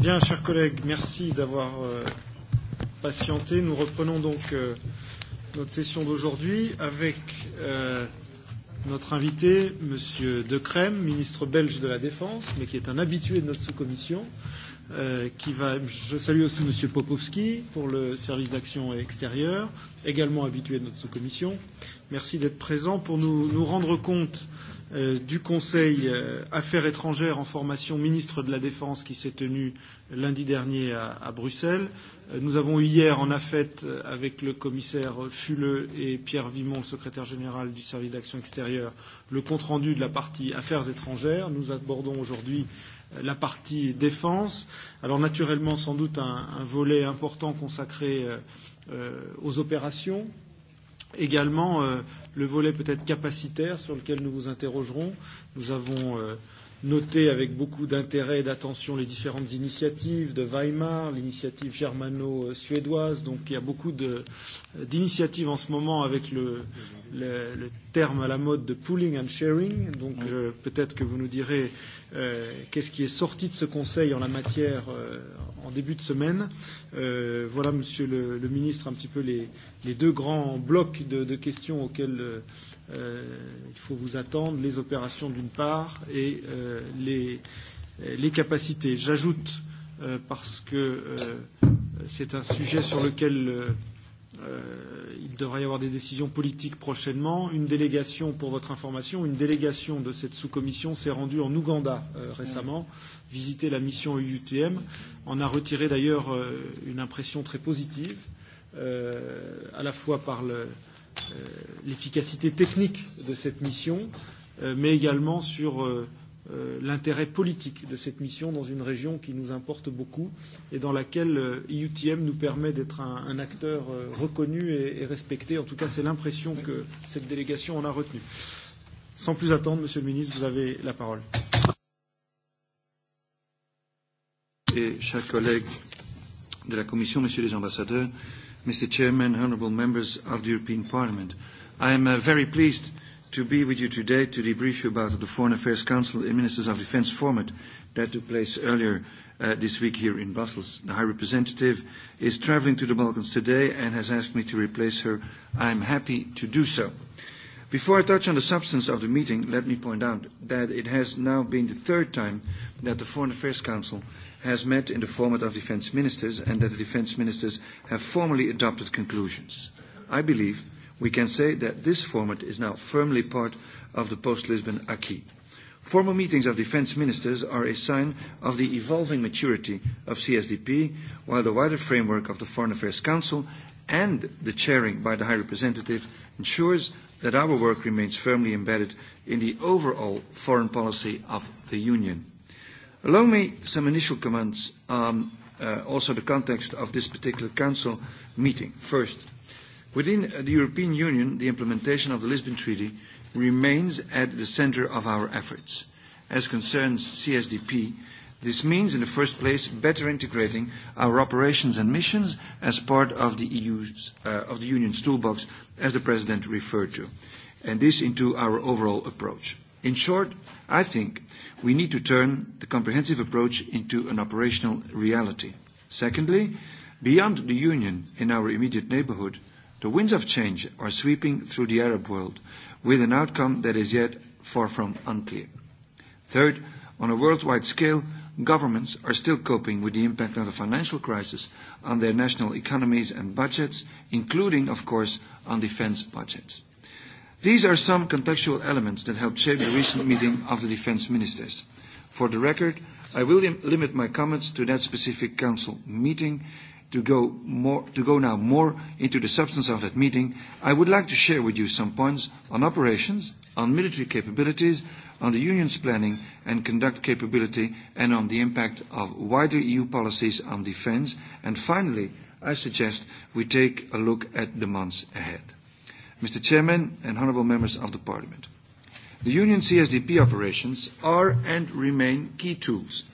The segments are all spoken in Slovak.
Bien, chers collègues, merci d'avoir euh, patienté. Nous reprenons donc euh, notre session d'aujourd'hui avec euh, notre invité, M. De Crème, ministre belge de la Défense, mais qui est un habitué de notre sous-commission. Euh, qui va, je salue aussi M. Popovski pour le service d'action extérieure, également habitué de notre sous-commission. Merci d'être présent pour nous, nous rendre compte euh, Euh, du Conseil euh, Affaires étrangères en formation ministre de la Défense qui s'est tenu lundi dernier à, à Bruxelles. Euh, nous avons eu hier en AFET avec le commissaire Fuleux et Pierre Vimon, le secrétaire général du service d'action extérieure, le compte-rendu de la partie Affaires étrangères. Nous abordons aujourd'hui la partie défense. Alors naturellement sans doute un, un volet important consacré euh, aux opérations Également, euh, le volet peut-être capacitaire sur lequel nous vous interrogerons. Nous avons euh, noté avec beaucoup d'intérêt et d'attention les différentes initiatives de Weimar, l'initiative germano-suédoise. Donc il y a beaucoup d'initiatives en ce moment avec le, le, le terme à la mode de pooling and sharing. Donc euh, peut-être que vous nous direz euh, qu'est-ce qui est sorti de ce Conseil en la matière euh, en début de semaine. Euh, voilà, Monsieur le, le ministre, un petit peu les, les deux grands blocs de, de questions auxquels. Euh, euh, il faut vous attendre les opérations d'une part et euh, les, euh, les capacités. J'ajoute, euh, parce que euh, c'est un sujet sur lequel euh, euh, il devrait y avoir des décisions politiques prochainement. Une délégation, pour votre information, une délégation de cette sous-commission s'est rendue en Ouganda euh, récemment, visiter la mission EUTM, en a retiré d'ailleurs euh, une impression très positive, euh, à la fois par le, euh, Euh, l'efficacité technique de cette mission, euh, mais également sur euh, l'intérêt politique de cette mission dans une région qui nous importe beaucoup et dans laquelle IUTM nous permet d'être un, un acteur reconnu et, et respecté. En tout cas, c'est l'impression que cette délégation en a retenue. Sans plus attendre, Monsieur le ministre, vous avez la parole. Et chers collègues de la Commission, Messieurs les ambassadeurs, euh, Mr. Chairman, honourable members of the European Parliament. I am uh, very pleased to be with you today to debrief you about the Foreign Affairs Council and Ministers of Defence format that took place earlier uh, this week here in Brussels. The High Representative is travelling to the Balkans today and has asked me to replace her. I am happy to do so. Before I touch on the substance of the meeting, let me point out that it has now been the third time that the Foreign Affairs Council has met in the format of defence ministers and that the defence ministers have formally adopted conclusions. I believe we can say that this format is now firmly part of the post-Lisbon acquis. Formal meetings of defence ministers are a sign of the evolving maturity of CSDP, while the wider framework of the Foreign Affairs Council and the chairing by the High Representative ensures that our work remains firmly embedded in the overall foreign policy of the Union. Allow me some initial comments on um, uh, also the context of this particular Council meeting. First, within uh, the European Union, the implementation of the Lisbon Treaty remains at the centre of our efforts. As concerns CSDP, this means, in the first place, better integrating our operations and missions as part of the, EU's, uh, of the Union's toolbox, as the President referred to, and this into our overall approach. In short, I think we need to turn the comprehensive approach into an operational reality. Secondly, beyond the Union in our immediate neighbourhood, the winds of change are sweeping through the Arab world with an outcome that is yet far from unclear. Third, on a worldwide scale, governments are still coping with the impact of the financial crisis on their national economies and budgets, including, of course, on defence budgets. These are some contextual elements that helped shape the recent meeting of the defense ministers. For the record, I will lim limit my comments to that specific council meeting. To go, more, to go now more into the substance of that meeting, I would like to share with you some points on operations, on military capabilities, on the Union's planning and conduct capability, and on the impact of wider EU policies on defence. And finally, I suggest we take a look at the months ahead. Mr. Chairman and honourable members of the Parliament. The Union CSDP operations are and remain key tools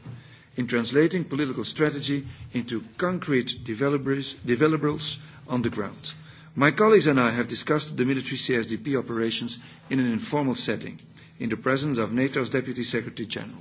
in translating political strategy into concrete deliverables on the ground. My colleagues and I have discussed the military CSDP operations in an informal setting, in the presence of NATO's Deputy Secretary General.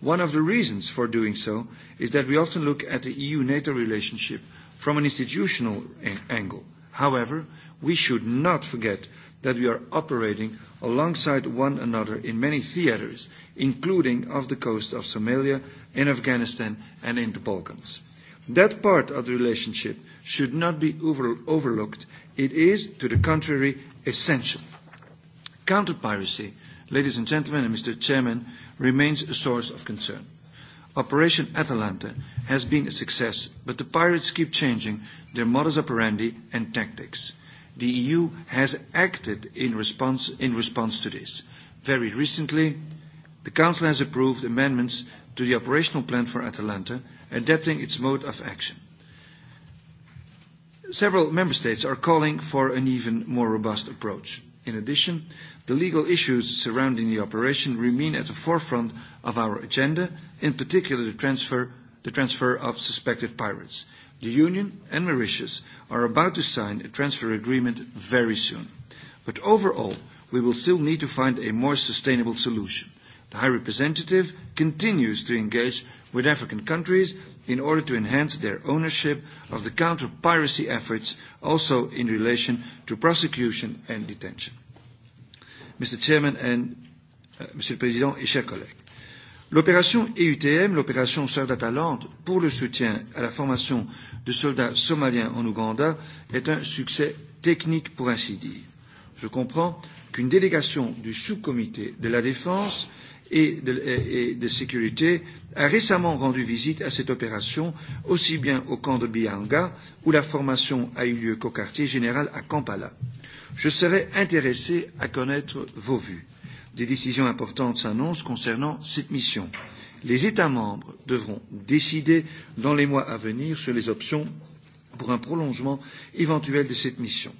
One of the reasons for doing so is that we often look at the EU-NATO relationship from an institutional angle However, we should not forget that we are operating alongside one another in many theatres, including off the coast of Somalia, in Afghanistan, and in the Balkans. That part of the relationship should not be overlooked. It is, to the contrary, essential. Counter-piracy, ladies and gentlemen and Mr. Chairman, remains a source of concern. Operation Atalanta has been a success, but the pirates keep changing their modus operandi and tactics. The EU has acted in response, in response to this. Very recently, the Council has approved amendments to the operational plan for Atalanta, adapting its mode of action. Several member states are calling for an even more robust approach. In addition, the legal issues surrounding the operation remain at the forefront of our agenda, in particular the transfer, the transfer of suspected pirates. The Union and Mauritius are about to sign a transfer agreement very soon. But overall, we will still need to find a more sustainable solution. The High Representative continues to engage with African countries in order to enhance their ownership of the counter-piracy efforts, also in relation to prosecution and detention. Mr. Chairman and uh, Monsieur le Président et chers collègues. L'opération EUTM, l'opération Soldats Talente, pour le soutien à la formation de soldats somaliens en Ouganda, est un succès technique pour ainsi dire. Je comprends qu'une délégation du sous-comité de la défense et de, et de sécurité a récemment rendu visite à cette opération, aussi bien au camp de Bianga, où la formation a eu lieu qu'au quartier général à Kampala. Je serais intéressé à connaître vos vues. Des décisions importantes s'annoncent concernant cette mission. Les États membres devront décider dans les mois à venir sur les options pour un prolongement éventuel de cette mission.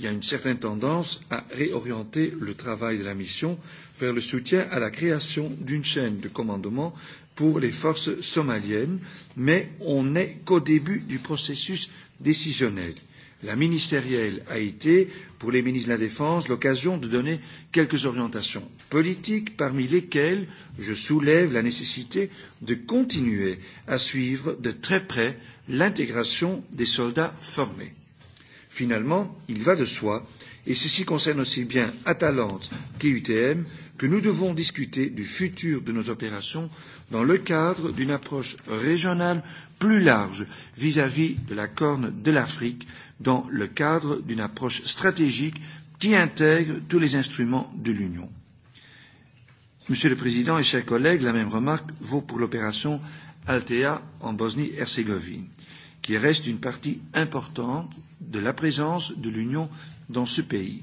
Il y a une certaine tendance à réorienter le travail de la mission vers le soutien à la création d'une chaîne de commandement pour les forces somaliennes, mais on n'est qu'au début du processus décisionnel la ministérielle a été, pour les ministres de la Défense, l'occasion de donner quelques orientations politiques, parmi lesquelles je soulève la nécessité de continuer à suivre de très près l'intégration des soldats formés. Finalement, il va de soi et ceci concerne aussi bien Atalante qu'UTM, que nous devons discuter du futur de nos opérations dans le cadre d'une approche régionale plus large vis à -vis de la Corne de l'Afrique, dans le cadre d'une approche stratégique qui intègre tous les instruments de l'Union. Monsieur le Président et chers collègues, la même remarque vaut pour l'opération Altea en Bosnie-Herzégovine, qui reste une partie importante de la présence de l'Union dans ce pays.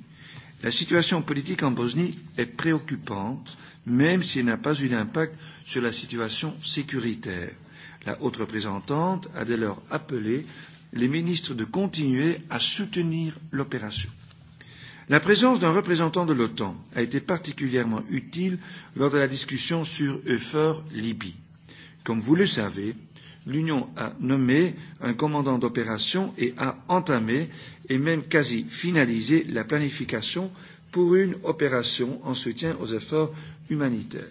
La situation politique en Bosnie est préoccupante, même si elle n'a pas eu d'impact sur la situation sécuritaire. La haute représentante a dès lors appelé les ministres de continuer à soutenir l'opération. La présence d'un représentant de l'OTAN a été particulièrement utile lors de la discussion sur Euphor Libye. Comme vous le savez, l'Union a nommé un commandant d'opération et a entamé et même quasi finalisé la planification pour une opération en soutien aux efforts humanitaires.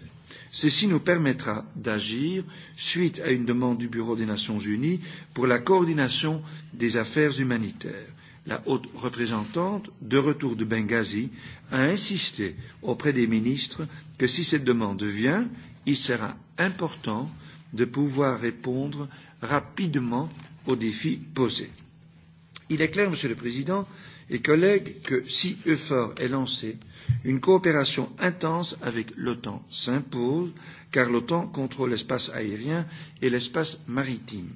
Ceci nous permettra d'agir suite à une demande du Bureau des Nations Unies pour la coordination des affaires humanitaires. La haute représentante, de retour de Benghazi, a insisté auprès des ministres que si cette demande vient, il sera important de pouvoir répondre rapidement aux défis posés. Il est clair, Monsieur le Président et collègues, que si EFOR est lancé, une coopération intense avec l'OTAN s'impose, car l'OTAN contrôle l'espace aérien et l'espace maritime.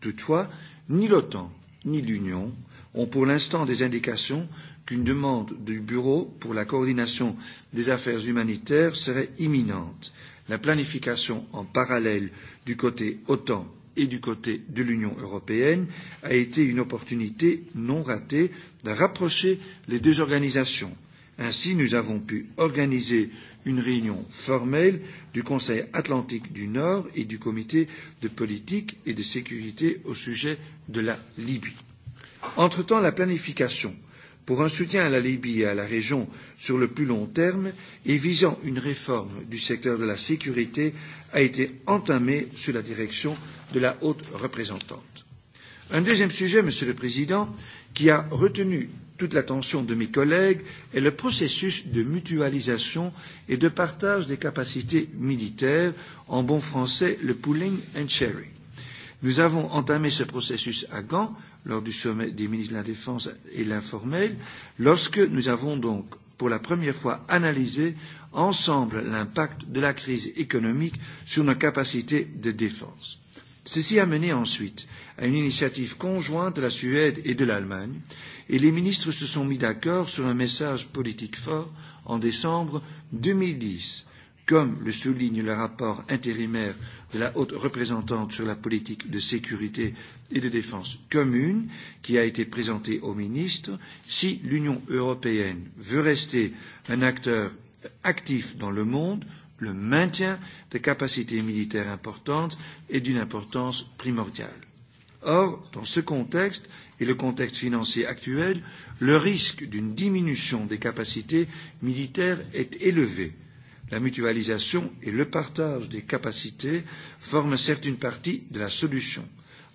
Toutefois, ni l'OTAN ni l'Union ont pour l'instant des indications qu'une demande du Bureau pour la coordination des affaires humanitaires serait imminente la planification en parallèle du côté OTAN et du côté de l'Union européenne a été une opportunité non ratée de rapprocher les deux organisations. Ainsi, nous avons pu organiser une réunion formelle du Conseil atlantique du Nord et du Comité de politique et de sécurité au sujet de la Libye. Entre-temps, la planification pour un soutien à la Libye et à la région sur le plus long terme et visant une réforme du secteur de la sécurité a été entamé sous la direction de la haute représentante. Un deuxième sujet, Monsieur le Président, qui a retenu toute l'attention de mes collègues est le processus de mutualisation et de partage des capacités militaires, en bon français le pooling and sharing. Nous avons entamé ce processus à Gand lors du sommet des ministres de la Défense et l'informel, lorsque nous avons donc pour la première fois analysé ensemble l'impact de la crise économique sur nos capacités de défense. Ceci a mené ensuite à une initiative conjointe de la Suède et de l'Allemagne, et les ministres se sont mis d'accord sur un message politique fort en décembre deux mille dix, comme le souligne le rapport intérimaire de la haute représentante sur la politique de sécurité et de défense commune qui a été présentée aux ministres, si l'Union européenne veut rester un acteur actif dans le monde, le maintien de capacités militaires importantes est d'une importance primordiale. Or, dans ce contexte et le contexte financier actuel, le risque d'une diminution des capacités militaires est élevé. La mutualisation et le partage des capacités forment certes une partie de la solution.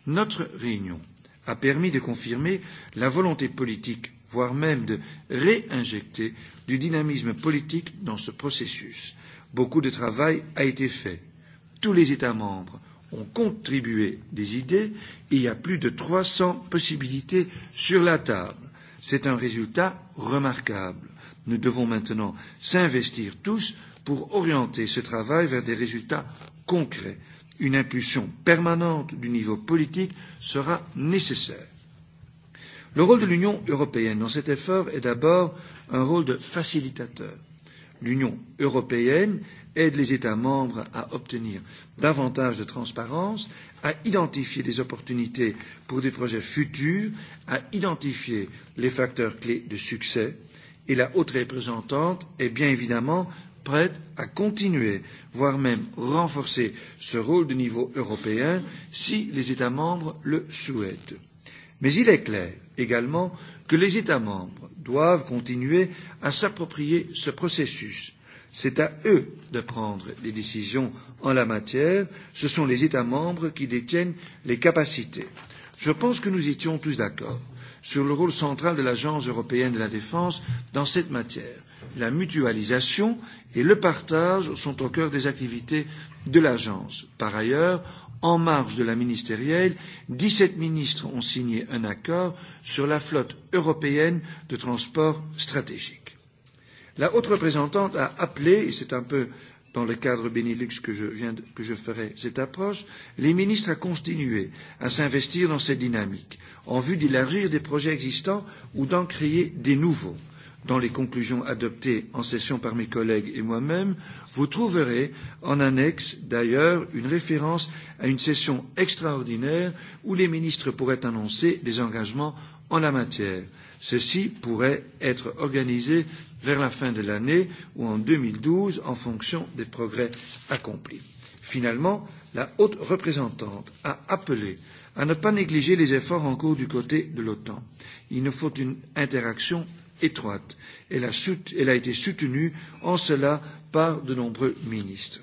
Notre réunion a permis de confirmer la volonté politique, voire même de réinjecter du dynamisme politique dans ce processus. Beaucoup de travail a été fait. Tous les États membres ont contribué des idées et il y a plus de 300 possibilités sur la table. C'est un résultat remarquable. Nous devons maintenant s'investir tous pour orienter ce travail vers des résultats concrets une impulsion permanente du niveau politique sera nécessaire. Le rôle de l'Union européenne dans cet effort est d'abord un rôle de facilitateur. L'Union européenne aide les États membres à obtenir davantage de transparence, à identifier des opportunités pour des projets futurs, à identifier les facteurs clés de succès, et la haute représentante est bien évidemment prête à continuer, voire même renforcer ce rôle de niveau européen si les États membres le souhaitent. Mais il est clair également que les États membres doivent continuer à s'approprier ce processus. C'est à eux de prendre les décisions en la matière. Ce sont les États membres qui détiennent les capacités. Je pense que nous étions tous d'accord sur le rôle central de l'Agence européenne de la défense dans cette matière la mutualisation et le partage sont au cœur des activités de l'agence. Par ailleurs, en marge de la ministérielle, dix sept ministres ont signé un accord sur la flotte européenne de transport stratégique. La haute représentante a appelé, et c'est un peu dans le cadre Benelux que je, viens de, que je ferai cette approche, les ministres à continuer à s'investir dans cette dynamique en vue d'élargir des projets existants ou d'en créer des nouveaux dans les conclusions adoptées en session par mes collègues et moi-même, vous trouverez en annexe d'ailleurs une référence à une session extraordinaire où les ministres pourraient annoncer des engagements en la matière. Ceci pourrait être organisé vers la fin de l'année ou en deux mille douze en fonction des progrès accomplis. Finalement, la haute représentante a appelé à ne pas négliger les efforts en cours du côté de l'OTAN. Il nous faut une interaction étroite. Elle a, elle a été soutenue en cela par de nombreux ministres.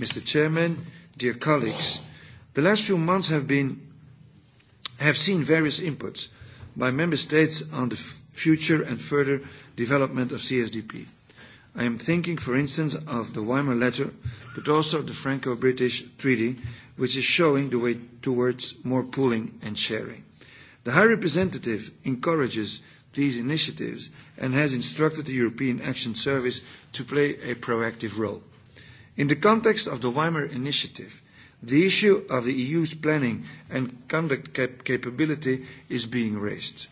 Mr. Chairman, dear colleagues, the last few months have, been, have seen various inputs by member states on the future and further development of CSDP. I am thinking, for instance, of the Weimar Letter, but also the Franco-British Treaty, which is showing the way towards more pooling and sharing. The High Representative encourages these initiatives and has instructed the European Action Service to play a proactive role. In the context of the Weimar Initiative, the issue of the EU's planning and conduct cap capability is being raised.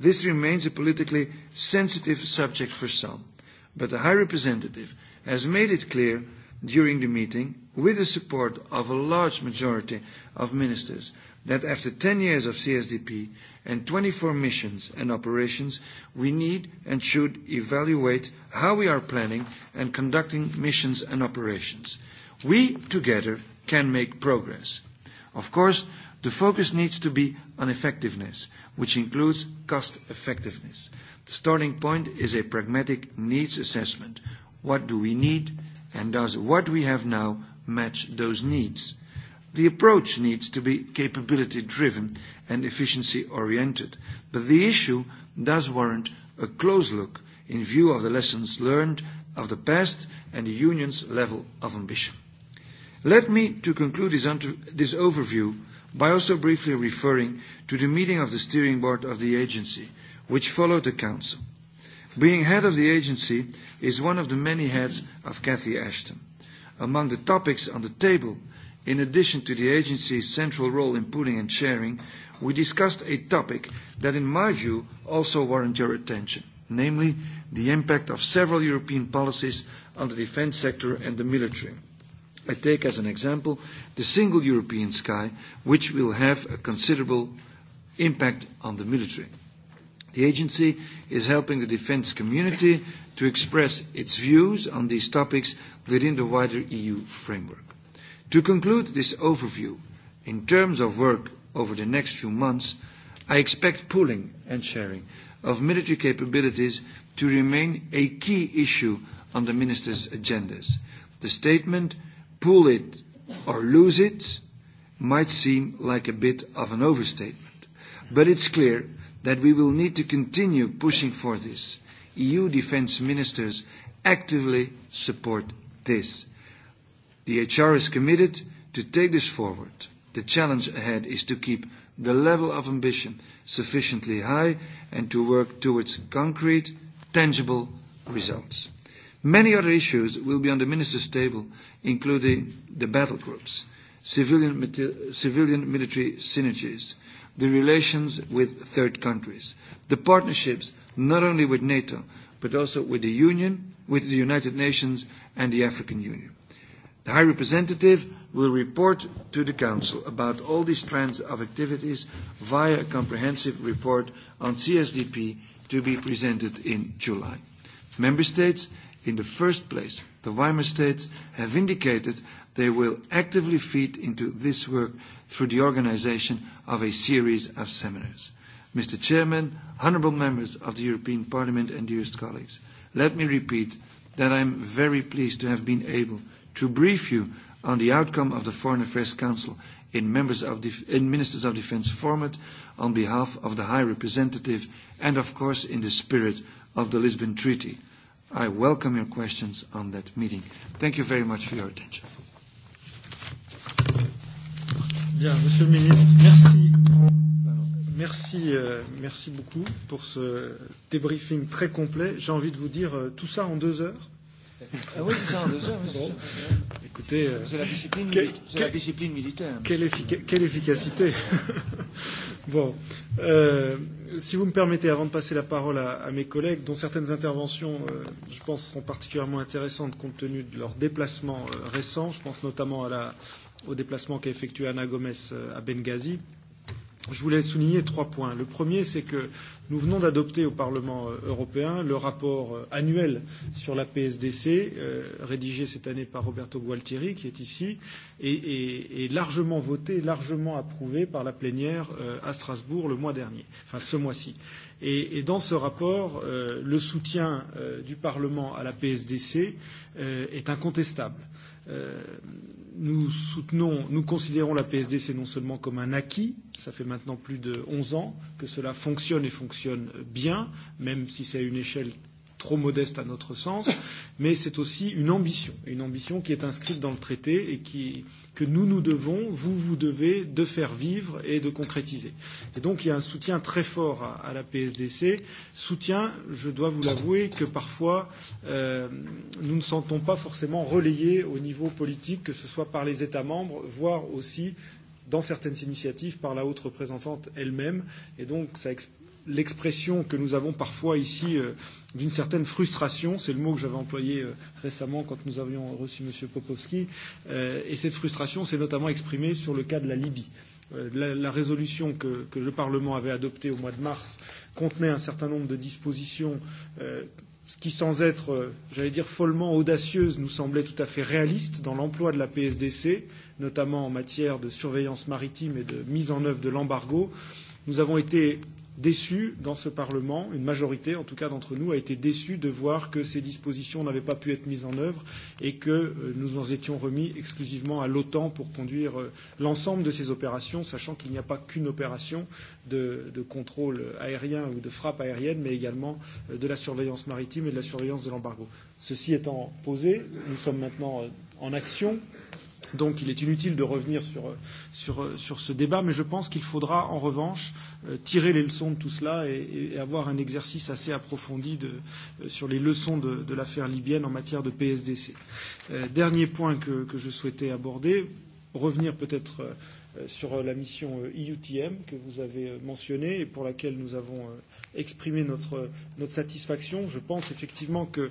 This remains a politically sensitive subject for some, but the High Representative has made it clear during the meeting, with the support of a large majority of ministers, that after ten years of CSDP, and 24 missions and operations, we need and should evaluate how we are planning and conducting missions and operations. We together can make progress. Of course, the focus needs to be on effectiveness, which includes cost effectiveness. The starting point is a pragmatic needs assessment. What do we need, and does what we have now match those needs? The approach needs to be capability driven and efficiency-oriented. But the issue does warrant a close look in view of the lessons learned of the past and the Union's level of ambition. Let me, to conclude this, this overview, by also briefly referring to the meeting of the steering board of the agency, which followed the council. Being head of the agency is one of the many heads of Cathy Ashton. Among the topics on the table In addition to the agency's central role in pooling and sharing, we discussed a topic that, in my view, also warrants your attention, namely the impact of several European policies on the defence sector and the military. I take as an example the single European sky, which will have a considerable impact on the military. The agency is helping the defence community to express its views on these topics within the wider EU framework. To conclude this overview, in terms of work over the next few months, I expect pooling and sharing of military capabilities to remain a key issue on the ministers' agendas. The statement, pool it or lose it, might seem like a bit of an overstatement, but it's clear that we will need to continue pushing for this. EU defence ministers actively support this. The HR is committed to take this forward. The challenge ahead is to keep the level of ambition sufficiently high and to work towards concrete, tangible results. Many other issues will be on the ministers' table, including the battle groups, civilian, civilian military synergies, the relations with third countries, the partnerships not only with NATO, but also with the Union, with the United Nations and the African Union. The High Representative will report to the Council about all these trends of activities via a comprehensive report on CSDP to be presented in July. Member States, in the first place, the Weimar States, have indicated they will actively feed into this work through the organisation of a series of seminars. Mr. Chairman, honourable members of the European Parliament and dearest colleagues, let me repeat that I am very pleased to have been able to brief you on the outcome of the Foreign Affairs Council in, members of Def in Ministers of Defence format on behalf of the High Representative and, of course, in the spirit of the Lisbon Treaty. I welcome your questions on that meeting. Thank you very much for your attention. Bien, Monsieur le Ministre, merci. Merci, euh, merci beaucoup pour ce débriefing très complet. J'ai envie de vous dire euh, tout ça en deux heures. Ah oui, c'est ça, deux heures. bon. ça. Écoutez, euh, c'est la discipline, que, que, la discipline militaire. Quelle, effic quelle efficacité Bon, euh, si vous me permettez, avant de passer la parole à, à mes collègues, dont certaines interventions, euh, je pense, sont particulièrement intéressantes compte tenu de leurs déplacements euh, récents. Je pense notamment à la, au déplacement qu'a effectué Anna Gomes euh, à Benghazi. Je voulais souligner trois points. Le premier, c'est que nous venons d'adopter au Parlement euh, européen le rapport euh, annuel sur la PSDC, euh, rédigé cette année par Roberto Gualtieri, qui est ici, et, et, et largement voté, largement approuvé par la plénière euh, à Strasbourg le mois dernier, enfin ce mois-ci. Et, et dans ce rapport, euh, le soutien euh, du Parlement à la PSDC euh, est incontestable. Euh, nous soutenons, nous considérons la PSDC non seulement comme un acquis, ça fait maintenant plus de 11 ans que cela fonctionne et fonctionne bien, même si c'est à une échelle trop modeste à notre sens, mais c'est aussi une ambition, une ambition qui est inscrite dans le traité et qui, que nous nous devons, vous vous devez de faire vivre et de concrétiser. Et donc il y a un soutien très fort à, à la PSDC, soutien, je dois vous l'avouer, que parfois euh, nous ne sentons pas forcément relayé au niveau politique, que ce soit par les États membres, voire aussi dans certaines initiatives par la haute représentante elle-même. Et donc, ça explique l'expression que nous avons parfois ici euh, d'une certaine frustration, c'est le mot que j'avais employé euh, récemment quand nous avions reçu M. Popovski, euh, et cette frustration s'est notamment exprimée sur le cas de la Libye. Euh, la, la résolution que, que le Parlement avait adoptée au mois de mars contenait un certain nombre de dispositions euh, qui, sans être, euh, j'allais dire, follement audacieuses, nous semblait tout à fait réaliste dans l'emploi de la PSDC, notamment en matière de surveillance maritime et de mise en œuvre de l'embargo. Nous avons été déçus dans ce Parlement, une majorité en tout cas d'entre nous a été déçue de voir que ces dispositions n'avaient pas pu être mises en œuvre et que euh, nous en étions remis exclusivement à l'OTAN pour conduire euh, l'ensemble de ces opérations, sachant qu'il n'y a pas qu'une opération de, de contrôle aérien ou de frappe aérienne, mais également euh, de la surveillance maritime et de la surveillance de l'embargo. Ceci étant posé, nous sommes maintenant en action Donc il est inutile de revenir sur, euh, sur, euh, sur ce débat, mais je pense qu'il faudra en revanche euh, tirer les leçons de tout cela et, et avoir un exercice assez approfondi de, sur les leçons de, de l'affaire libyenne en matière de PSDC. Euh, dernier point que, que je souhaitais aborder, revenir peut-être sur la mission EUTM e que vous avez mentionnée et pour laquelle nous avons exprimé notre, notre satisfaction. Je pense effectivement que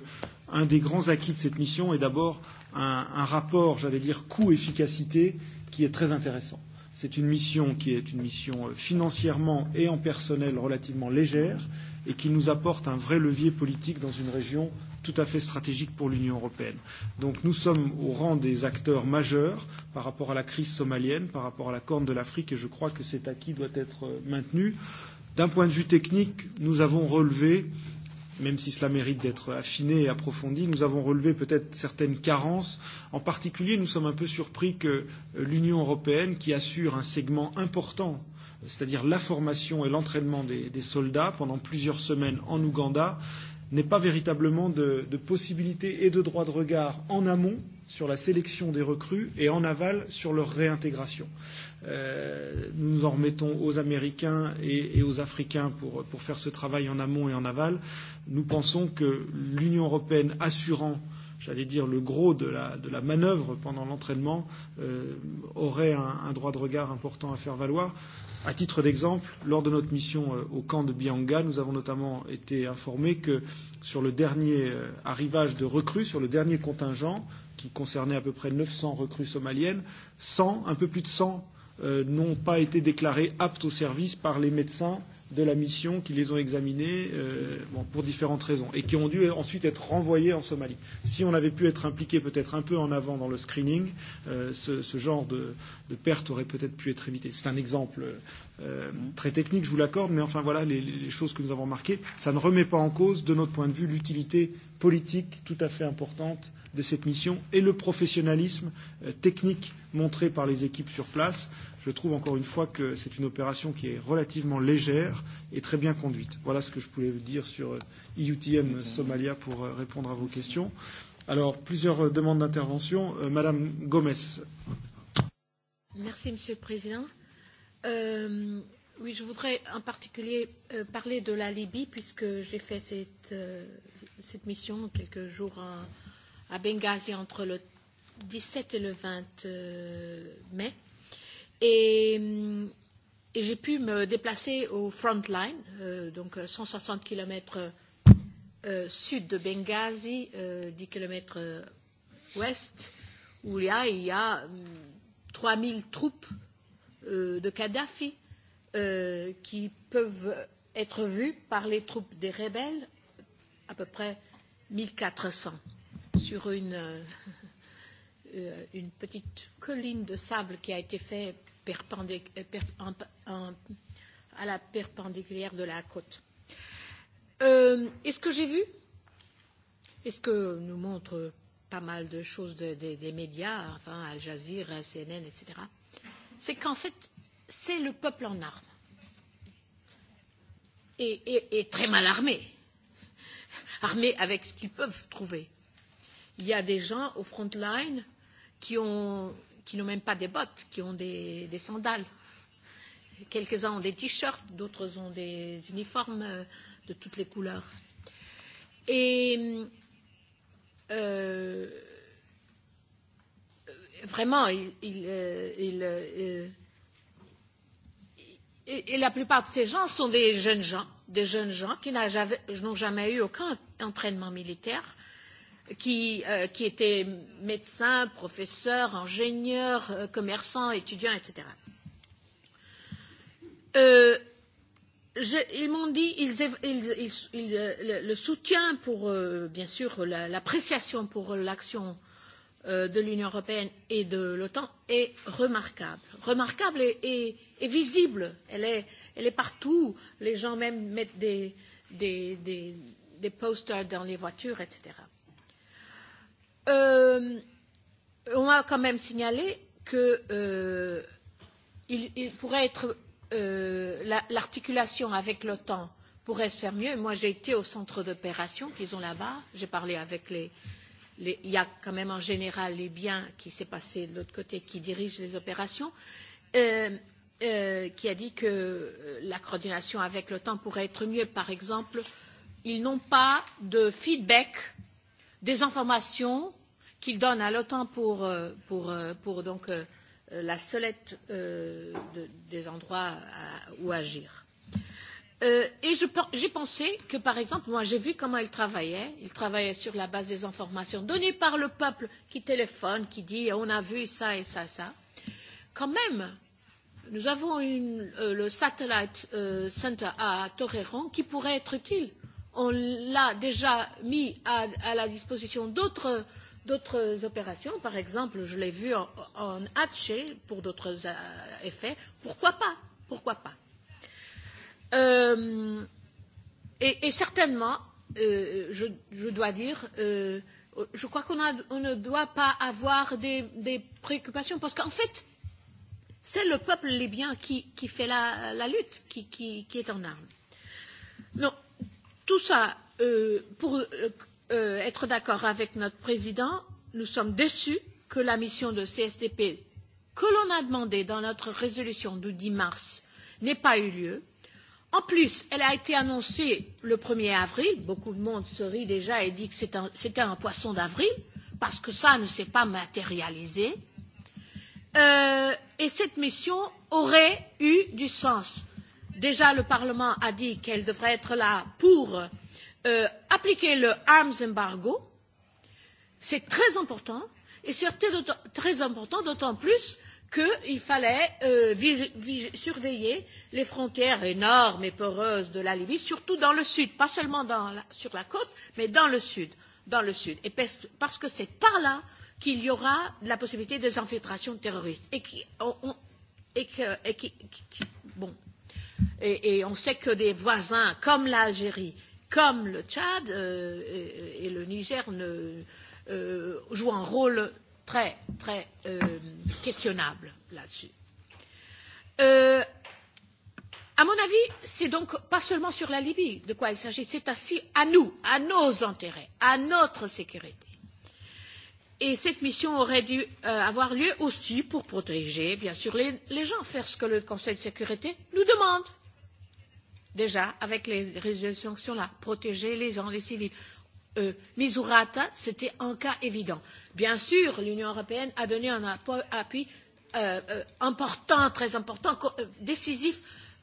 un des grands acquis de cette mission est d'abord un, un rapport, j'allais dire, coût-efficacité qui est très intéressant. C'est une mission qui est une mission euh, financièrement et en personnel relativement légère et qui nous apporte un vrai levier politique dans une région tout à fait stratégique pour l'Union européenne. Donc nous sommes au rang des acteurs majeurs par rapport à la crise somalienne, par rapport à la Corne de l'Afrique et je crois que cet acquis doit être euh, maintenu. D'un point de vue technique, nous avons relevé euh, même si cela mérite d'être affiné et approfondi, nous avons relevé peut-être certaines carences. En particulier, nous sommes un peu surpris que euh, l'Union européenne, qui assure un segment important euh, c'est-à-dire la formation et l'entraînement des, des soldats pendant plusieurs semaines en Ouganda, n'ait pas véritablement de, de possibilité et de droit de regard en amont sur la sélection des recrues et en aval sur leur réintégration. Euh, nous en remettons aux Américains et, et aux Africains pour, pour faire ce travail en amont et en aval. Nous pensons que l'Union européenne assurant j'allais dire, le gros de la, de la manœuvre pendant l'entraînement euh, aurait un, un droit de regard important à faire valoir. À titre d'exemple, lors de notre mission euh, au camp de Bianga, nous avons notamment été informés que sur le dernier euh, arrivage de recrues, sur le dernier contingent, qui concernait à peu près 900 recrues somaliennes, 100, un peu plus de 100 euh, n'ont pas été déclarés aptes au service par les médecins de la mission qui les ont examinés euh, bon, pour différentes raisons et qui ont dû ensuite être renvoyés en Somalie. Si on avait pu être impliqué peut-être un peu en avant dans le screening, euh, ce, ce genre de, de perte aurait peut-être pu être évité. C'est un exemple euh, euh, très technique, je vous l'accorde, mais enfin voilà les, les choses que nous avons remarquées. Ça ne remet pas en cause, de notre point de vue, l'utilité politique tout à fait importante de cette mission et le professionnalisme euh, technique montré par les équipes sur place. Je trouve encore une fois que c'est une opération qui est relativement légère et très bien conduite. Voilà ce que je pouvais vous dire sur euh, IUTM Somalia pour euh, répondre à vos questions. Alors, plusieurs euh, demandes d'intervention. Euh, Madame Gomez. Merci, Monsieur le Président. Euh, oui, je voudrais en particulier euh, parler de la Libye, puisque j'ai fait cette, euh, cette mission quelques jours à, à Benghazi entre le 17 et le 20 euh, mai. Et, euh, et j'ai pu me déplacer au front line, euh, donc 160 km euh, sud de Benghazi, euh, 10 km euh, ouest, où il y a, il y a 3000 troupes Euh, de Kadhafi euh, qui peuvent être vus par les troupes des rebelles, à peu près 1400, sur une, euh, une petite colline de sable qui a été faite à la perpendiculaire de la côte. Euh, Est-ce que j'ai vu Est-ce que nous montre pas mal de choses de, de, des médias, enfin Al Jazeera, CNN, etc c'est qu'en fait, c'est le peuple en armes. Et, et, et très mal armé. Armé avec ce qu'ils peuvent trouver. Il y a des gens au front line qui ont qui n'ont même pas des bottes, qui ont des, des sandales. Quelques-uns ont des t-shirts, d'autres ont des uniformes euh, de toutes les couleurs. Et euh, vraiment, il, il, euh, il, euh, et, et la plupart de ces gens sont des jeunes gens, des jeunes gens qui n'ont jamais, jamais eu aucun entraînement militaire, qui, euh, qui étaient médecins, professeurs, ingénieurs, euh, commerçants, étudiants, etc. Euh, je, ils m'ont dit ils, ils, ils, ils, euh, le, le soutien pour, euh, bien sûr, l'appréciation la, pour l'action euh, Euh, de l'Union européenne et de l'OTAN est remarquable. Remarquable et, et, et visible. Elle est, elle est, partout. Les gens même mettent des, des, des, des posters dans les voitures, etc. Euh, on a quand même signalé que euh, il, il pourrait être euh, l'articulation avec l'OTAN pourrait se faire mieux. Moi, j'ai été au centre d'opération qu'ils ont là-bas. J'ai parlé avec les, les, il y a quand même en général les biens qui s'est passé de l'autre côté qui dirigent les opérations, euh, euh, qui a dit que euh, la coordination avec l'OTAN pourrait être mieux. Par exemple, ils n'ont pas de feedback des informations qu'ils donnent à l'OTAN pour, euh, pour, euh, pour donc la solette euh, de, des endroits à, où agir. Euh, et j'ai pensé que, par exemple, moi j'ai vu comment ils travaillaient. Ils travaillaient sur la base des informations données par le peuple qui téléphone, qui dit eh, on a vu ça et ça, ça. Quand même, nous avons une, euh, le Satellite euh, Center à Torrejon qui pourrait être utile. On l'a déjà mis à, à la disposition d'autres d'autres opérations, par exemple, je l'ai vu en, en Hatché pour d'autres euh, effets. Pourquoi pas Pourquoi pas Euh, et, et certainement, euh, je, je dois dire, euh, je crois qu'on a, on ne doit pas avoir des, des préoccupations parce qu'en fait, c'est le peuple libyen qui, qui fait la, la lutte, qui, qui, qui est en armes. Non, tout ça, euh, pour euh, euh être d'accord avec notre président, nous sommes déçus que la mission de CSDP que l'on a demandée dans notre résolution du 10 mars n'ait pas eu lieu. Euh, En plus, elle a été annoncée le 1er avril. Beaucoup de monde se rit déjà et dit que c'était un, un poisson d'avril, parce que ça ne s'est pas matérialisé. Euh, et cette mission aurait eu du sens. Déjà, le Parlement a dit qu'elle devrait être là pour euh, appliquer le arms embargo. C'est très important, et c'est très important d'autant plus qu'il fallait euh, surveiller les frontières énormes et poreuses de la Libye, surtout dans le sud, pas seulement dans la, sur la côte, mais dans le sud, dans le sud. Et parce que c'est par là qu'il y aura la possibilité des infiltrations terroristes et qui, on, on, et que, et qui, qui bon. Et, et on sait que des voisins comme l'Algérie, comme le Tchad euh, et, et le Niger ne, euh, jouent un rôle très, très euh, questionnable là-dessus. Euh, à mon avis, c'est donc pas seulement sur la Libye de quoi il s'agit, c'est aussi à nous, à nos intérêts, à notre sécurité. Et cette mission aurait dû euh, avoir lieu aussi pour protéger, bien sûr, les, les gens, faire ce que le Conseil de sécurité nous demande déjà avec les, qui sanctions là, protéger les gens, les civils euh, Misurata, c'était un cas évident. Bien sûr, l'Union européenne a donné un appui euh, euh, important, très important, euh, décisif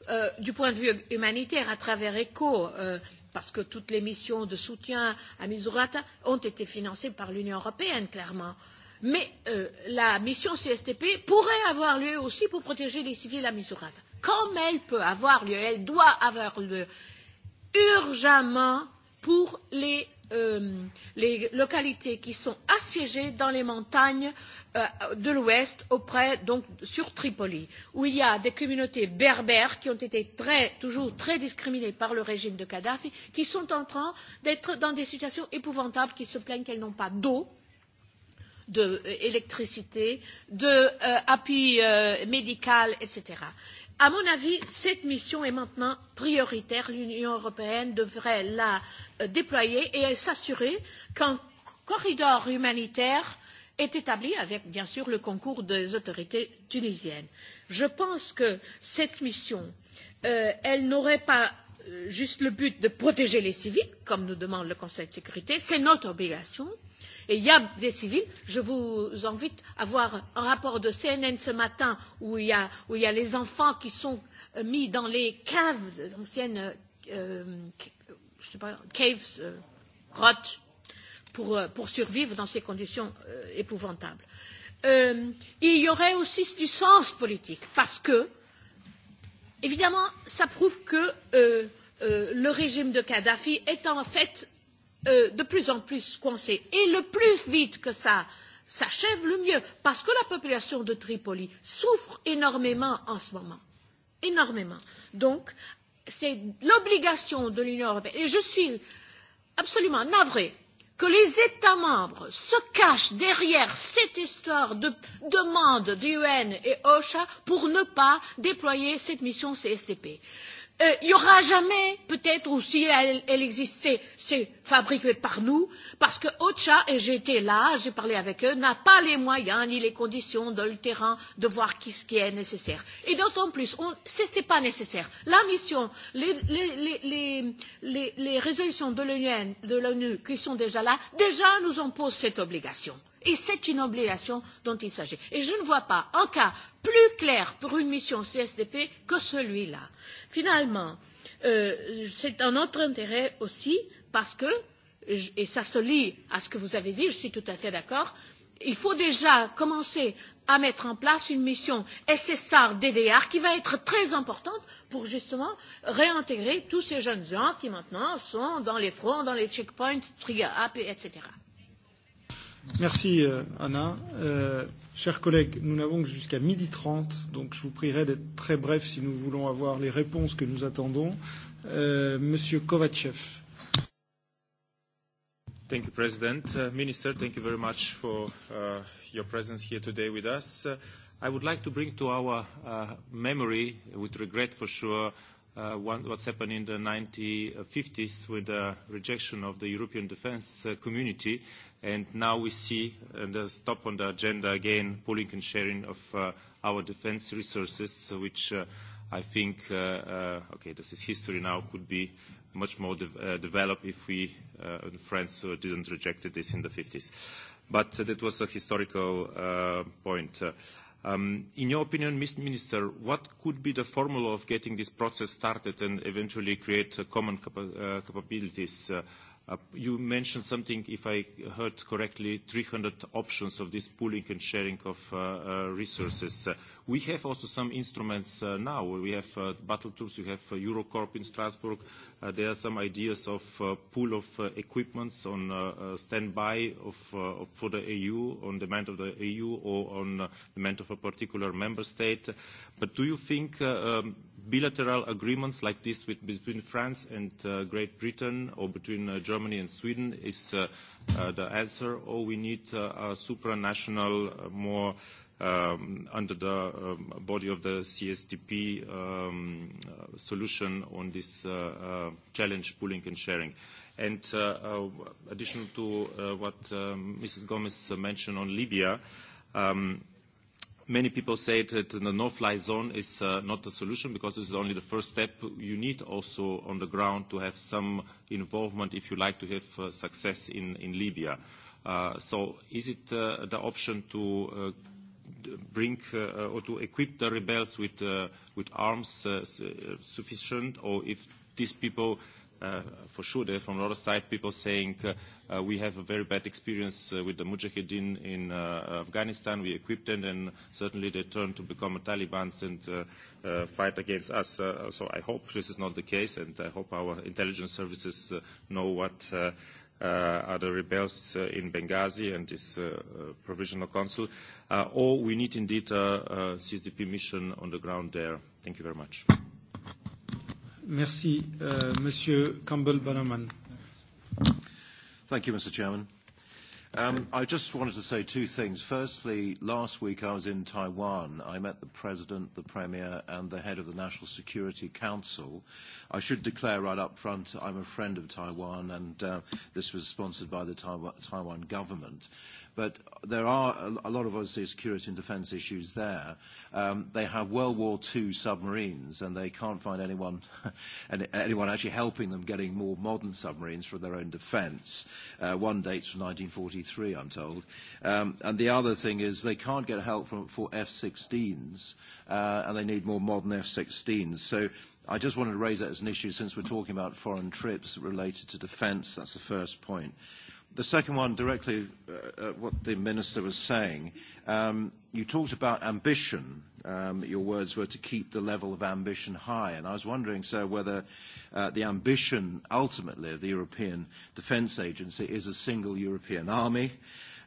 euh, du point de vue humanitaire à travers ECHO, euh, parce que toutes les missions de soutien à Misurata ont été financées par l'Union européenne, clairement. Mais euh, la mission CSTP pourrait avoir lieu aussi pour protéger les civils à Misurata. Comme elle peut avoir lieu, elle doit avoir lieu urgemment pour les euh, les localités qui sont assiégées dans les montagnes euh, de l'ouest auprès donc sur Tripoli où il y a des communautés berbères qui ont été très, toujours très discriminées par le régime de Kadhafi qui sont en train d'être dans des situations épouvantables qui se plaignent qu'elles n'ont pas d'eau d'électricité, de, euh, d'appui euh, euh, médical, etc à mon avis, cette mission est maintenant prioritaire. L'Union européenne devrait la euh, déployer et s'assurer qu'un corridor humanitaire est établi avec, bien sûr, le concours des autorités tunisiennes. Je pense que cette mission, euh, n'aurait pas juste le but de protéger les civils, comme nous demande le Conseil de sécurité, c'est notre obligation. Et il y a des civils, je vous invite à voir un rapport de CNN ce matin où il y a, où il y a les enfants qui sont euh, mis dans les caves, les anciennes euh, je sais pas, caves, euh, grottes, pour, euh, pour survivre dans ces conditions euh, épouvantables. Euh, il y aurait aussi du sens politique, parce que Évidemment, cela prouve que euh, euh, le régime de Kadhafi est en fait euh, de plus en plus coincé. Et le plus vite que cela s'achève, le mieux, parce que la population de Tripoli souffre énormément en ce moment. Énormément. Donc, c'est l'obligation de l'Union européenne. Et je suis absolument navrée que les États membres se cachent derrière cette histoire de demande de l'UN et OSHA pour ne pas déployer cette mission CSTP. Euh, il n'y aura jamais peut être ou si elle, elle existait c'est fabriqué par nous parce que OCHA et j'étais là j'ai parlé avec eux n'a pas les moyens ni les conditions dans le terrain de voir ce qui est nécessaire et d'autant plus ce n'est pas nécessaire la mission les, les, les, les résolutions de l'ONU qui sont déjà là déjà nous imposent cette obligation. Et c'est une obligation dont il s'agit. Et je ne vois pas un cas plus clair pour une mission CSDP que celui-là. Finalement, euh, c'est un autre intérêt aussi parce que, et ça se lie à ce que vous avez dit, je suis tout à fait d'accord, il faut déjà commencer à mettre en place une mission SSR DDR qui va être très importante pour justement réintégrer tous ces jeunes gens qui maintenant sont dans les fronts, dans les checkpoints, trigger up, etc. Merci euh, Anna. Euh, chers collègues, nous n'avons que jusqu'à midi trente, donc je vous prierai d'être très bref si nous voulons avoir les réponses que nous attendons. Euh, Monsieur Kovachev. Thank you, President. Uh, Minister, thank you very much for uh, your presence here today with us. Uh, I would like to bring to our uh, memory, with regret for sure, one, uh, what's happened in the 1950s with the rejection of the European defence uh, community. And now we see, and the top on the agenda again, pooling and sharing of uh, our defence resources, which uh, I think, uh, uh, okay, this is history now, could be much more de uh, developed if we uh, in France uh, didn't reject this in the 50s. But uh, that was a historical uh, point. Uh, Um, in your opinion, Mr. Minister, what could be the formula of getting this process started and eventually create uh, common uh, capabilities uh, Uh, you mentioned something, if I heard correctly, 300 options of this pooling and sharing of uh, uh, resources. We have also some instruments now. We have battle troops, we have EuroCorp in Strasbourg. There are some ideas of pool of equipments on standby of, for the EU, on demand of the EU or on demand of a particular member state. But do you think um, bilateral agreements like this with, between France and uh, Great Britain or between uh, Germany and Sweden is uh, uh, the answer, or we need uh, a supranational, uh, more um, under the um, body of the CSTP um, uh, solution on this uh, uh, challenge, pooling and sharing. And uh, uh, additional to uh, what um, uh, Mrs. Gomez mentioned on Libya, um, Many people say that the no-fly zone is uh, not the solution because this is only the first step. You need also on the ground to have some involvement if you like to have uh, success in, in Libya. Uh, so is it uh, the option to uh, bring uh, or to equip the rebels with, uh, with arms uh, sufficient or if these people uh, for sure there from a lot of side people saying uh, uh, we have a very bad experience uh, with the mujahideen in uh, afghanistan we equipped them and certainly they turn to become a taliban and uh, uh, fight against us uh, so i hope this is not the case and i hope our intelligence services uh, know what uh, uh, are the rebels uh, in Benghazi and this uh, uh, provisional council, uh, or we need indeed a, a CSDP mission on the ground there. Thank you very much. Merci, uh, Monsieur Campbell Bannerman. Thank you, Mr. Chairman. Um, I just wanted to say two things. Firstly, last week I was in Taiwan. I met the President, the Premier, and the head of the National Security Council. I should declare right up front I'm a friend of Taiwan, and uh, this was sponsored by the Taiwan, Taiwan government. But there are a lot of, obviously, security and defence issues there. Um, they have World War II submarines, and they can't find anyone, anyone actually helping them getting more modern submarines for their own defence. Uh, one dates from 1943, I'm told. Um, and the other thing is they can't get help from, for F-16s, uh, and they need more modern F-16s. So I just wanted to raise that as an issue since we're talking about foreign trips related to defence. That's the first point. The second one, directly uh, at uh, what the Minister was saying, um, you talked about ambition. Um, your words were to keep the level of ambition high. And I was wondering, sir, whether uh, the ambition ultimately of the European Defence Agency is a single European army.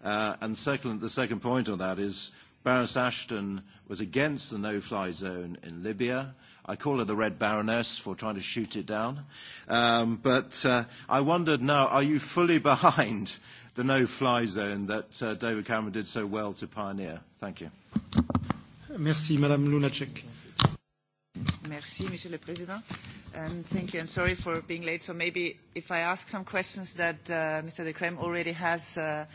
Uh, and second, the second point on that is Baroness Ashton was against the no-fly zone in Libya. I call her the Red Baroness for trying to shoot it down. Um, but uh, I wondered now, are you fully behind the no-fly zone that uh, David Cameron did so well to pioneer? Thank you. Merci, Madame Lunacek. Merci, Monsieur le Président. Um, thank you, and sorry for being late. So maybe if I ask some questions that uh, Mr. de Krem already has uh,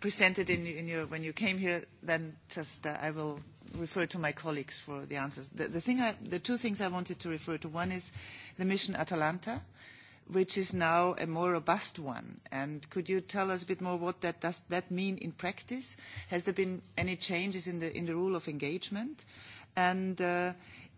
presented in, in your, when you came here, then just uh, I will refer to my colleagues for the answers. The, the, thing I, the two things I wanted to refer to, one is the mission Atalanta, which is now a more robust one. And could you tell us a bit more what that does that mean in practice? Has there been any changes in the, in the rule of engagement? And uh,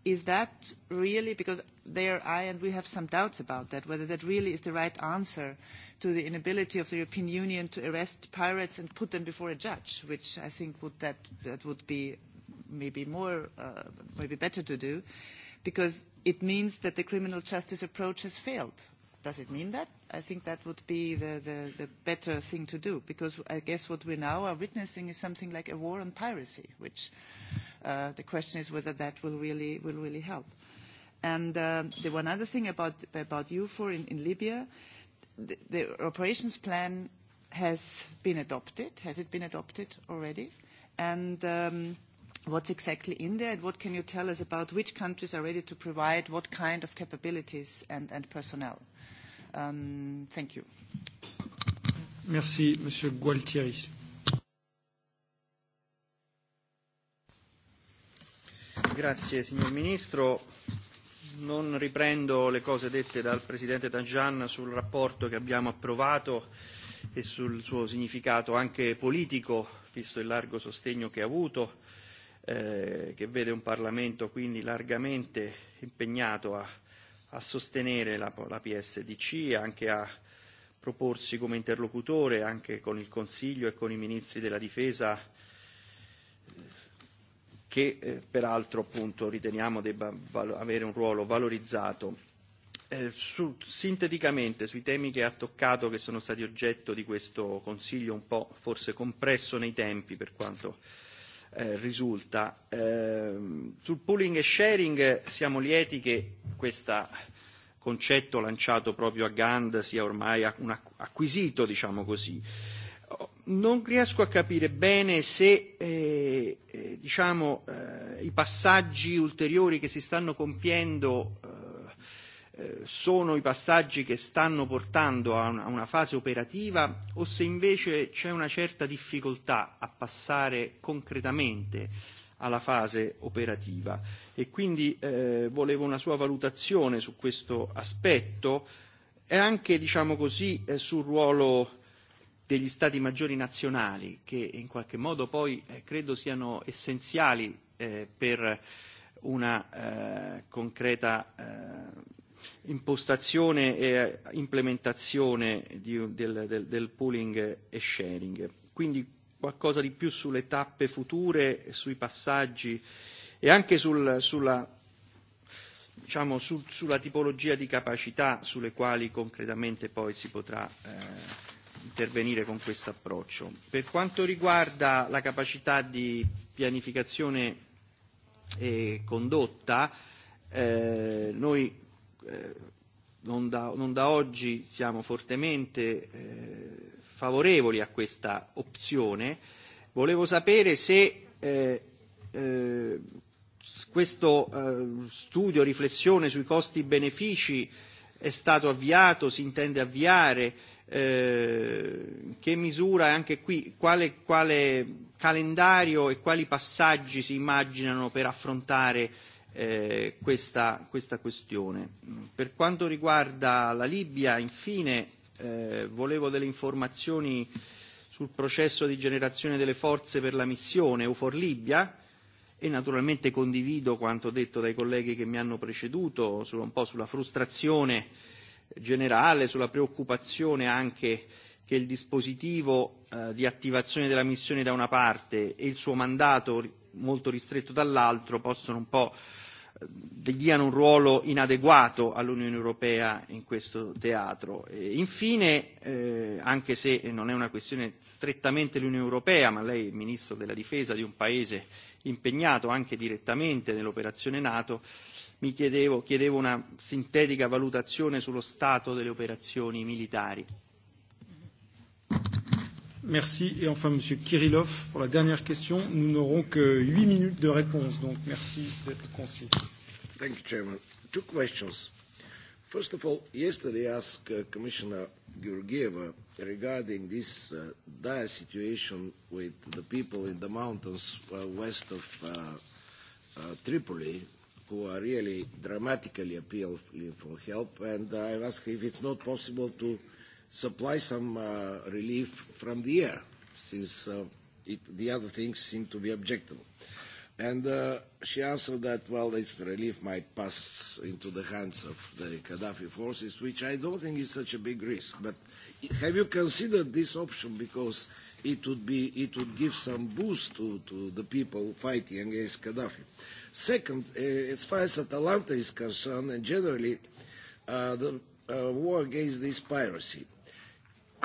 is that really, because there I and we have some doubts about that, whether that really is the right answer to the inability of the European Union to arrest pirates and put them before a judge, which I think would that, that would be maybe more, uh, maybe better to do, because it means that the criminal justice approach has failed. Does it mean that? I think that would be the, the, the better thing to do, because I guess what we now are witnessing is something like a war on piracy, which uh, the question is whether that will really, will really help. And uh, the one other thing about, about EUFOR in, in Libya, the, the operations plan has been adopted. Has it been adopted already? And um, what's exactly in there, and what can you tell us about which countries are ready to provide what kind of capabilities and, and personnel? Um, thank you. Merci, Monsieur Gualtieri. Grazie, signor Ministro. Non riprendo le cose dette dal Presidente Tangian sul rapporto che abbiamo approvato e sul suo significato anche politico, visto il largo sostegno che ha avuto eh, che vede un Parlamento quindi largamente impegnato a, a sostenere la, la PSDC, anche a proporsi come interlocutore anche con il Consiglio e con i Ministri della Difesa che eh, peraltro appunto riteniamo debba avere un ruolo valorizzato. Eh, su, sinteticamente sui temi che ha toccato, che sono stati oggetto di questo Consiglio un po' forse compresso nei tempi per quanto eh, eh, risulta. Eh, sul pooling e sharing siamo lieti che questo concetto lanciato proprio a Gand sia ormai un acquisito, diciamo così. Non riesco a capire bene se eh, eh, diciamo, eh, i passaggi ulteriori che si stanno compiendo eh, Eh, sono i passaggi che stanno portando a una, a una fase operativa o se invece c'è una certa difficoltà a passare concretamente alla fase operativa e quindi eh, volevo una sua valutazione su questo aspetto e anche diciamo così eh, sul ruolo degli stati maggiori nazionali che in qualche modo poi eh, credo siano essenziali eh, per una eh, concreta eh, impostazione e eh, implementazione di, del, del, del pooling e sharing. Quindi qualcosa di più sulle tappe future, e sui passaggi e anche sul, sulla, diciamo, sul, sulla tipologia di capacità sulle quali concretamente poi si potrà eh, intervenire con questo approccio. Per quanto riguarda la capacità di pianificazione e condotta, eh, noi eh, non, da, non da oggi siamo fortemente eh, favorevoli a questa opzione. Volevo sapere se eh, eh, questo eh, studio, riflessione sui costi-benefici e è stato avviato, si intende avviare, eh, che misura e anche qui quale, quale calendario e quali passaggi si immaginano per affrontare eh, questa, questa questione. Mm. Per quanto riguarda la Libia, infine, eh, volevo delle informazioni sul processo di generazione delle forze per la missione EUFOR Libia e naturalmente condivido quanto detto dai colleghi che mi hanno preceduto su, un po' sulla frustrazione generale, sulla preoccupazione anche che il dispositivo eh, di attivazione della missione da una parte e il suo mandato molto ristretto dall'altro possono un po' eh, diano un ruolo inadeguato all'Unione Europea in questo teatro. E infine, eh, anche se non è una questione strettamente l'Unione Europea, ma lei è Ministro della Difesa di un Paese impegnato anche direttamente nell'operazione Nato, mi chiedevo, chiedevo una sintetica valutazione sullo stato delle operazioni militari Merci. Et enfin, Monsieur Kirillov, pour la dernière question, nous n'aurons que huit minutes de réponse, donc merci d'être concis. Thank you, Chairman. Two questions. First of all, yesterday I asked uh, Commissioner Georgieva regarding this uh, dire situation with the people in the mountains uh, west of uh, uh, Tripoli who are really dramatically appealing for help, and I asked if it's not possible to supply some uh, relief from the air, since uh, it, the other things seem to be objectable. And uh, she answered that, well, this relief might pass into the hands of the Gaddafi forces, which I don't think is such a big risk. But have you considered this option? Because it would, be, it would give some boost to, to the people fighting against Gaddafi. Second, uh, as far as Atalanta is concerned, and generally uh, the uh, war against this piracy,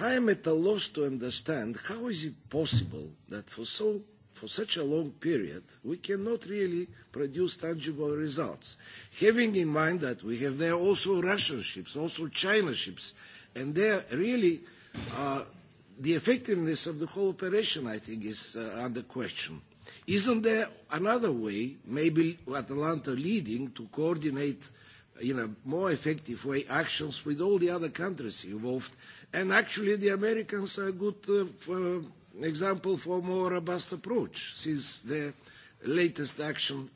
i am at a loss to understand how is it possible that for, so, for such a long period we cannot really produce tangible results, having in mind that we have there also Russian ships, also China ships, and there really uh, the effectiveness of the whole operation, I think, is uh, under question. Isn't there another way, maybe Atalanta leading, to coordinate uh, in a more effective way actions with all the other countries involved And actually, the Americans are a good uh, for uh, example for a more robust approach since their latest action.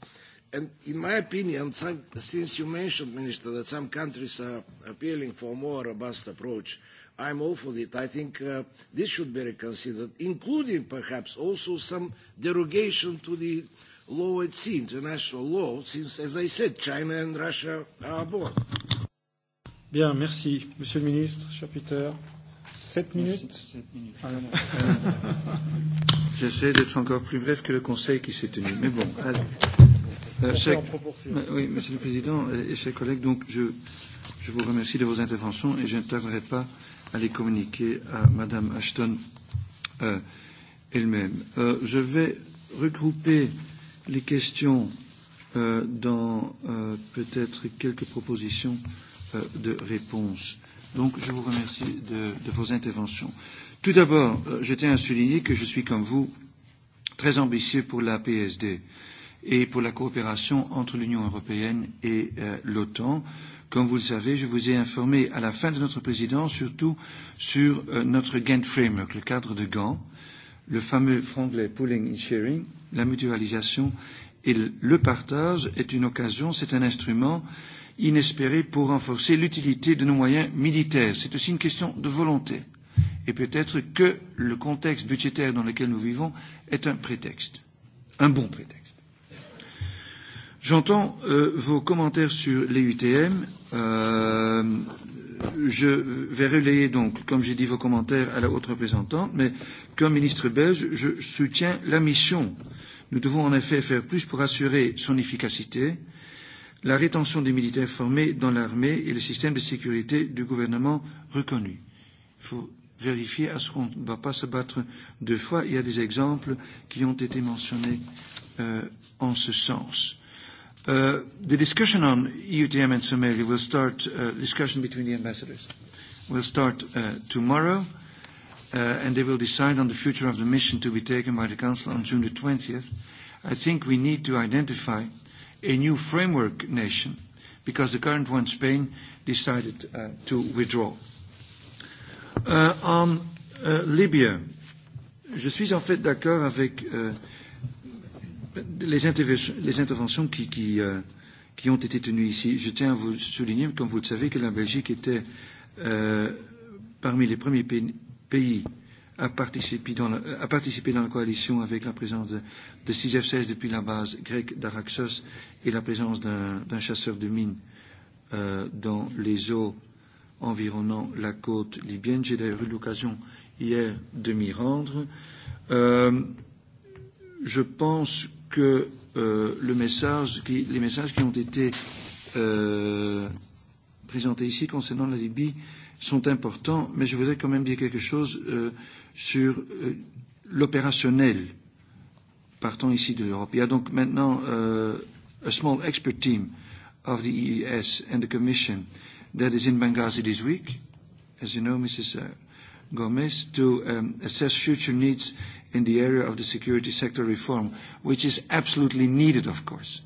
And in my opinion, some, since you mentioned, Minister, that some countries are appealing for a more robust approach, I'm all for it. I think uh, this should be reconsidered, including perhaps also some derogation to the law at sea, international law, since, as I said, China and Russia are aboard. Bien, merci. Monsieur le ministre, cher Peter, 7 minutes. minutes. Ah, J'essaie d'être encore plus bref que le Conseil qui s'est tenu. Mais bon, allez. Euh, oui, Monsieur le Président euh, et chers collègues, donc je, je vous remercie de vos interventions et je ne tarderai pas à les communiquer à Madame Ashton euh, elle-même. Euh, je vais regrouper les questions euh, dans euh, peut-être quelques propositions euh, de réponse. Donc, je vous remercie de, de vos interventions. Tout d'abord, euh, je tiens à souligner que je suis, comme vous, très ambitieux pour la PSD et pour la coopération entre l'Union européenne et euh, l'OTAN. Comme vous le savez, je vous ai informé à la fin de notre présidence surtout sur euh, notre Gantt Framework, le cadre de Gantt, le fameux franglais pooling and sharing, la mutualisation et le partage est une occasion, c'est un instrument euh, inespérée pour renforcer l'utilité de nos moyens militaires. C'est aussi une question de volonté. Et peut-être que le contexte budgétaire dans lequel nous vivons est un prétexte, un bon prétexte. J'entends euh, vos commentaires sur les UTM. Euh, je vais relayer donc, comme j'ai dit, vos commentaires à la haute représentante, mais comme ministre belge, je soutiens la mission. Nous devons en effet faire plus pour assurer son efficacité la rétention des militaires formés dans l'armée et le système de sécurité du gouvernement reconnu. Il faut vérifier à ce qu'on ne va pas se battre deux fois. Il y a des exemples qui ont été mentionnés euh, en ce sens. Uh, the discussion on EUTM and Somalia will start, uh, discussion between the ambassadors, will start uh, tomorrow, uh, and they will decide on the future of the mission to be taken by the Council on June the 20th. I think we need to identify a new framework nation because the current one, Spain, decided uh, to withdraw. Uh, on um, uh, Libya, je suis en fait d'accord avec euh, les, interventions, les interventions qui, qui, euh, qui ont été tenues ici. Je tiens à vous souligner, comme vous le savez, que la Belgique était euh, parmi les premiers pays a participé dans la, dans la coalition avec la présence de, de 6 F-16 depuis la base grecque d'Araxos et la présence d'un chasseur de mines euh, dans les eaux environnant la côte libyenne. J'ai d'ailleurs eu l'occasion hier de m'y rendre. Euh, je pense que euh, le message qui, les messages qui ont été euh, présentés ici concernant la Libye sont importants, mais je voudrais quand même dire quelque chose euh, sur euh, l'opérationnel, partant ici de l'Europe. Il y a donc maintenant euh, a small expert team of the EES and the Commission that is in Benghazi this week, as you know, Mrs. Uh, Gomez, to um, assess future needs in the area of the security sector reform, which is absolutely needed, of course,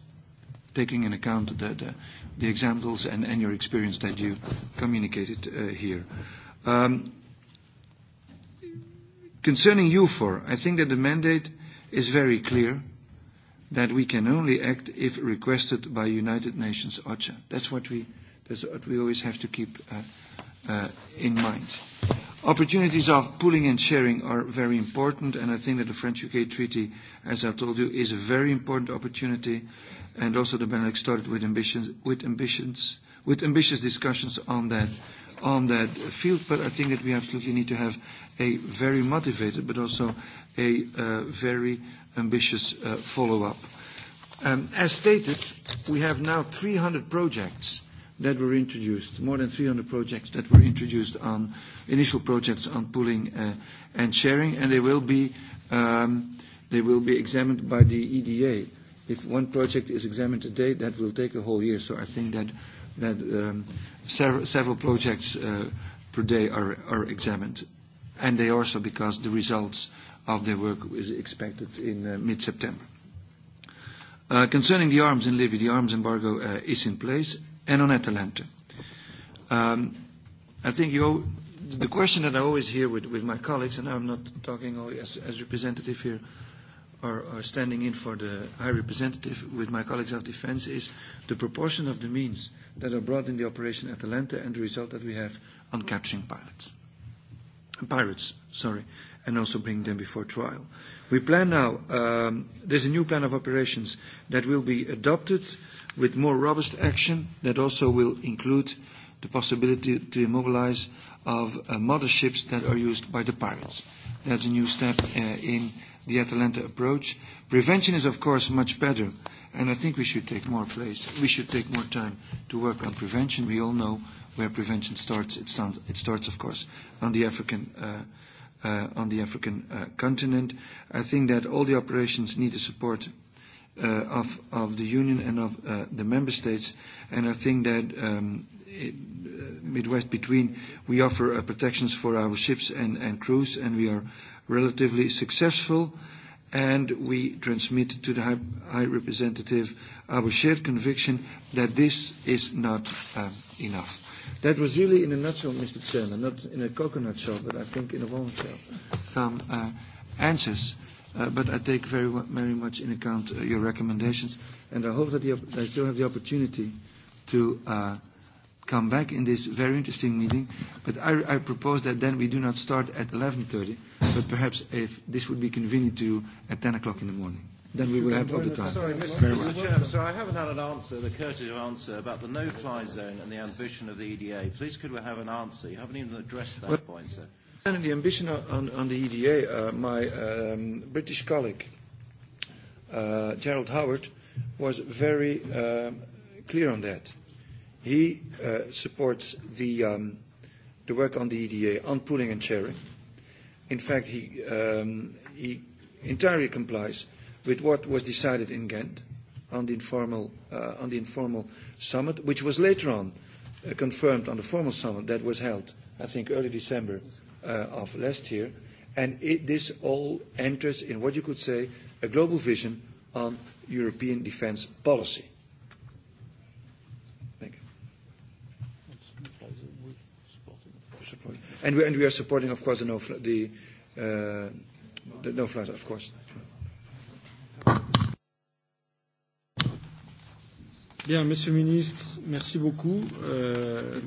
taking into account the, the, the examples and, and your experience that you communicated uh, here. Um, Concerning EUFOR, I think that the mandate is very clear that we can only act if requested by United Nations OCHA. That's what we, that's what we always have to keep uh, uh, in mind. Opportunities of pooling and sharing are very important, and I think that the French-UK treaty, as I told you, is a very important opportunity, and also the Benelux started with ambitions, with ambitions, with ambitious discussions on that on that field, but I think that we absolutely need to have a very motivated, but also a uh, very ambitious uh, follow-up. Um, as stated, we have now 300 projects that were introduced, more than 300 projects that were introduced on initial projects on pooling uh, and sharing, and they will be um, they will be examined by the EDA. If one project is examined today, that will take a whole year. So I think that that um, several, several projects uh, per day are, are examined, and they also because the results of their work is expected in uh, mid-September. Uh, concerning the arms in Libya, the arms embargo uh, is in place, and on Atalanta. Um, I think you, the question that I always hear with, with my colleagues, and I'm not talking only as, as representative here or, are standing in for the High Representative with my colleagues of defense is the proportion of the means that are brought in the Operation Atalanta and the result that we have on capturing pilots. Pirates, sorry, and also bring them before trial. We plan now, um, there's a new plan of operations that will be adopted with more robust action that also will include the possibility to immobilize of uh, mother ships that are used by the pirates. That's a new step uh, in the Atalanta approach. Prevention is, of course, much better, and I think we should take more place. We should take more time to work on prevention. We all know where prevention starts. It, stand, it starts, of course, on the African uh, uh, on the African uh, continent. I think that all the operations need the support uh, of, of the Union and of uh, the Member States. And I think that um, it, uh, Midwest between, we offer uh, protections for our ships and, and crews, and we are relatively successful. And we transmit to the High, High Representative our shared conviction that this is not uh enough. That was really in a nutshell, Mr. Chairman, not in a coconut shell, but I think in a warm shell, some uh, answers Uh, but I take very, very much in account uh, your recommendations, and I hope that the, I still have the opportunity to uh, come back in this very interesting meeting. But I, I propose that then we do not start at 11.30, but perhaps if this would be convenient to you at 10 o'clock in the morning. Then we will have all the time. Sorry, Mr. Mr. Chairman, so I haven't had an answer, the courtesy of answer about the no-fly zone and the ambition of the EDA. Please could we have an answer? You haven't even addressed that well, point, sir. Concerning the ambition on, on the EDA, uh, my um, British colleague, uh, Gerald Howard, was very uh, clear on that. He uh, supports the, um, the work on the EDA on pooling and sharing. In fact, he, um, he entirely complies with what was decided in Ghent on the informal, uh, on the informal summit, which was later on uh, confirmed on the formal summit that was held, I think, early December Uh, of last year. and it, This all enters in what you could say a global vision on European defence policy. Thank you. And we, and we are supporting, of course, the no-fly no zone, uh, no of course. Bien, Monsieur le Ministre, merci beaucoup. Euh,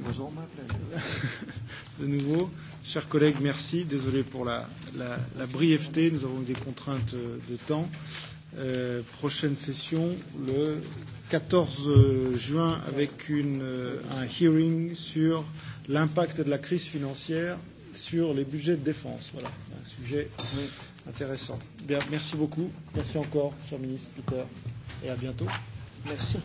de nouveau, chers collègues, merci. Désolé pour la, la, la brièveté, nous avons eu des contraintes de temps. Euh, prochaine session le 14 juin avec une, euh, un hearing sur l'impact de la crise financière sur les budgets de défense. Voilà, un sujet intéressant. Bien, merci beaucoup. Merci encore, cher ministre Peter, et à bientôt. Merci.